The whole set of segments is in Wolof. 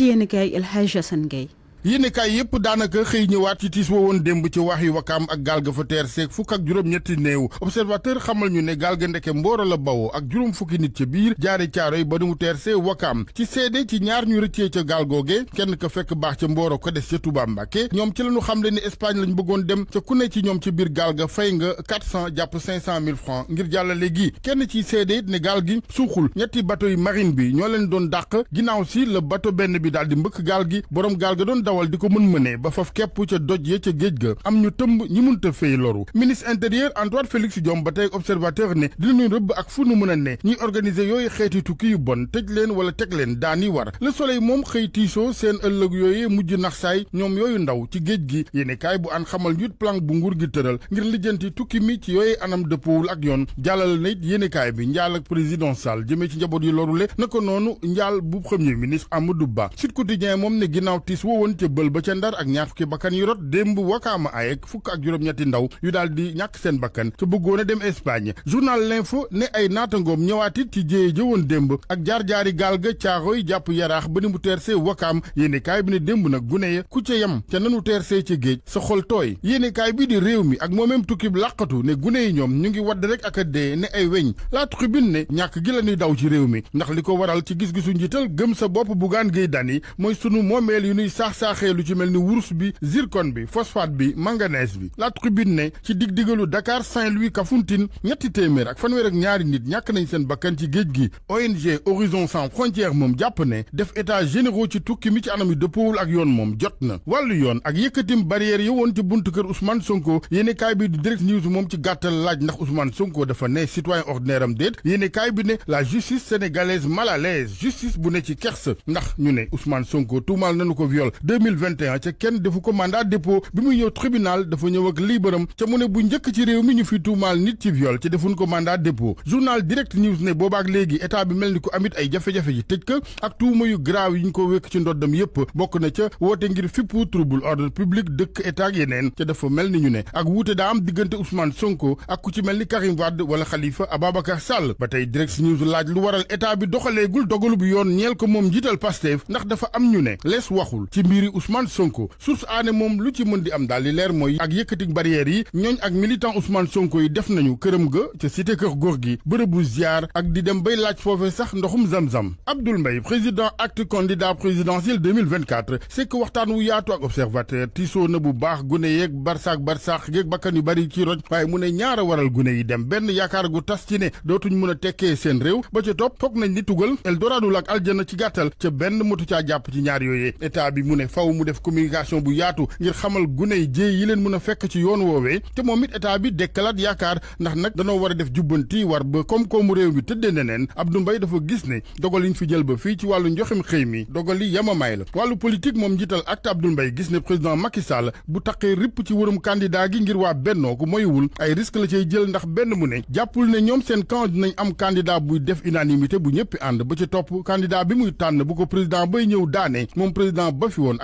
ci yéen kay El Hadj Assane Gueye yéenekaay yëpp daanaka xëy ñëwaat ci tiis wa woon démb ci wax yi wakaam ak gaal ga fa teer seeg fukk ak juróom-ñetti néew observateur xamal ñu ne gaal ga ndeke mboora la bawoo ak juróom fukki nit ca biir jaari caaroy ba nu mu teer see wakaam ci seede ci ñaar ñu rëccee ca gaal googe kenn ka fekk baax ca mbooro ko des ca Touba Mbacké ñoom ci lañu xamle ni Espagne lañ bëggoon dem ca ku ne ci ñoom ci biir gaal ga fay nga 400 jàpp 500 000 francs ngir jàllale gi kenn ci seede ne gaal gi suuxul ñetti bateau yi marine bi ñoo leen doon dàq ginnaaw si la bateau benn bi daal di mbëkk gaal gi borom gaal ga doon dawal di ko mën mënee ba faf képp ca doj ya ca géej ga am ñu tëmb ñi munta fay loru ministre intérieur Antoine Félix Diome ba tey observateur ne dinañu rëbb ak fu nu mën a ne ñuy organiser yooyu xeeti tukki yu bon tëj leen wala teg leen daani war le soleil moom xëy tiisoo seen ëllëg yooyu mujj nax ñoom yooyu ndaw ci géej gi yéene bu an xamal ñut plan bu nguur gi tëral ngir lijjanti tukki mi ci yooyu anam dëppowul ak yoon jàllal na it yéene kaay bi njaal ak président Sall jëmee ci njaboot yi lorule na ko noonu njaal bu premier ministre Amadou Ba cëbbal ba ca ndar ak ñaar fukki bakkan yu rot démb wakaama ayek fukk ak juróom-ñetti ndaw yu daal di ñàkk seen bakkan te bëggoon a dem Espagne journal l'info ne ay naatangoom ñëwaatit ci jéye jëwoon démb ak jaar-jaari gaal ga caaxooy jàpp yaraax ba ni mu teersee wakaam yéeni kaay bi ne démb na gune ya ku ca yem ca nanu teersee ci géej sa xol tooy yéeni kaay bi di réew mi ak moomeem tukkib làqatu ne gune yi ñoom ñu ngi wadd rek ak a dee ne ay weñ laa tribune ne ñàkk gi la ñuy daw ci réew mi ndax li ko waral ci gis-gisu njiital gëm sa bopp bugaan géey dani saaxee lu ci mel ni wurus bi zircon bi phosphate bi manganèse bi la tribune ne ci dig-digalu Dakar Saint-Louis Kafountine ñetti téeméer ak fanweer ak ñaari nit ñàkk nañ seen bakkan ci géej gi ONG Horizon Sans Frontières moom jàpp ne def état généraux ci tukki mi ci anam yi dëppoowul ak yoon moom jot na wàllu yoon ak yëkkatim barrière yi woon ci buntu kër Ousmane Sonko yéene kaay bi di direct news moom ci gàttal laaj ndax Ousmane Sonko dafa ne citoyen ordinaire am déet la justice sénégalaise mal à bu ne ci kersa ndax ñu ne Ousmane Sonko tuumaal nañu ko viol 2021 ca kenn defu ko mandat dépôt bi mu ñëw tribunal dafa ñëw ak liibaram ca mu ne bu njëkk ci réew mi ñu fi tuumaal nit ci viol ci defuñ ko mandat dépôt journal direct news ne boobaak léegi état bi mel ni ko amit ay jafe-jafe ji tëj ko ak tuuma yu graaw yi ñu ko wékk ci ndoddam yépp bokk na ca woote ngir fippu trouble ordre public dëkk état ak yeneen ca dafa mel ni ñu ne ak wuute daa am diggante Ousmane Sonko ak ku ci mel ni Karim Wade wala Khalifa Ababacar Sall ba tey direct news laaj lu waral état bi doxaleegul dogalu bu yoon ñeel ko moom njiital Pastef ndax dafa am ñu ne lees waxul ci mbiri Ousmane Sonko source aane lu ci di am daal li leer mooy ak yëkkati barrières yi ñooñ ak militant Ousmane Sonko yi def nañu këram ga ca cité ak di dem bay laaj foofe sax ndoxum zam-zam Abdoul Mbaye président acte candidat présidentiel 2024 sekk waxtaan wu yaatu ak observateur tisoo na bu baax gune yeeg barsaak barsaak yeeg bakkan yu bari ci roj waaye mu ne ñaar a waral gune yi dem benn yaakaar gu tas ci ne dootuñ mën a tekkee seen réew ba ca topp foog nañ ni tugal Eldorado ak aljana ci gàttal ca benn motu caa jàpp ci ñaar yooyee état bi mu faw mu def communication bu yaatu ngir xamal gune yi jéey yi leen mën a fekk ci yoon woowee te moom it état bi dekkalaat yaakaar ndax nag danoo war a def jubbanti war ba kom koomu réew mi tëddee neneen Abdou mbay dafa gis ne dogal yi fi jël ba fii ci wàllu njoxim xëy mi dogal yi yamamaay la wàllu politique moom njiital acte Abdou Mbaye gis ne président Macky Sall bu taqee ripp ci wërum candidat gi ngir waa bennoo ko moywul ay risque la cay jël ndax benn mu ne jàppul ne ñoom seen camp dinañ am candidat buy def unanimité bu ñëpp ànd ba ci topp candidat bi muy tànn bu ko président bay ñëw daane moom président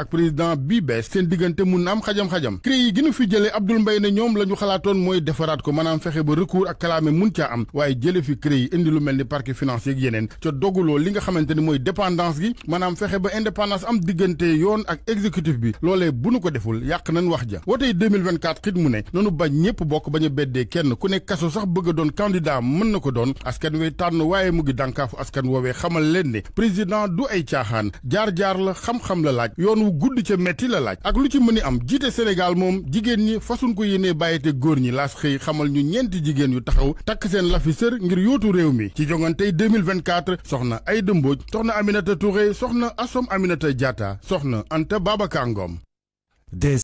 ak président bii bees seen diggante mun na am xajam-xajam cré yi gënu fi jële Abdoul Mbaye ne ñoom la ñu xalaatoon mooy defaraat ko maanaam fexe ba recours ak kalaame mun caa am waaye jële fi cré yi indi lu mel ni parquet financier ak yeneen ca doguloo li nga xamante ni mooy dépendance gi maanaam fexe ba indépendance am diggante yoon ak exécutif bi loolee bu nu ko deful yàq nañ wax ja wootey 2024 xit mu ne noonu bañ ñëpp bokk bañ a beddee kenn ku ne kaso sax bëgg a doon candidat na ko doon askan wey tànn waaye mu ngi dànkaafu askan woowee xamal leen ne président du ay caaxaan jaar-jaar la xam-xam laaj yoon wu gudd ca metti la laaj ak lu ci mëni am jiite Sénégal moom jigéen ñi fasuñ ko yéenee bàyyi te góor ñi laas xëy xamal ñu ñeenti jigéen yu taxaw takk seen lafi sër ngir yootu réew mi ci jongantey 2024 soxna Aïda Mbodj soxna Aminata Touré soxna Assom Aminata Diatta soxna Anta Babacar Ngom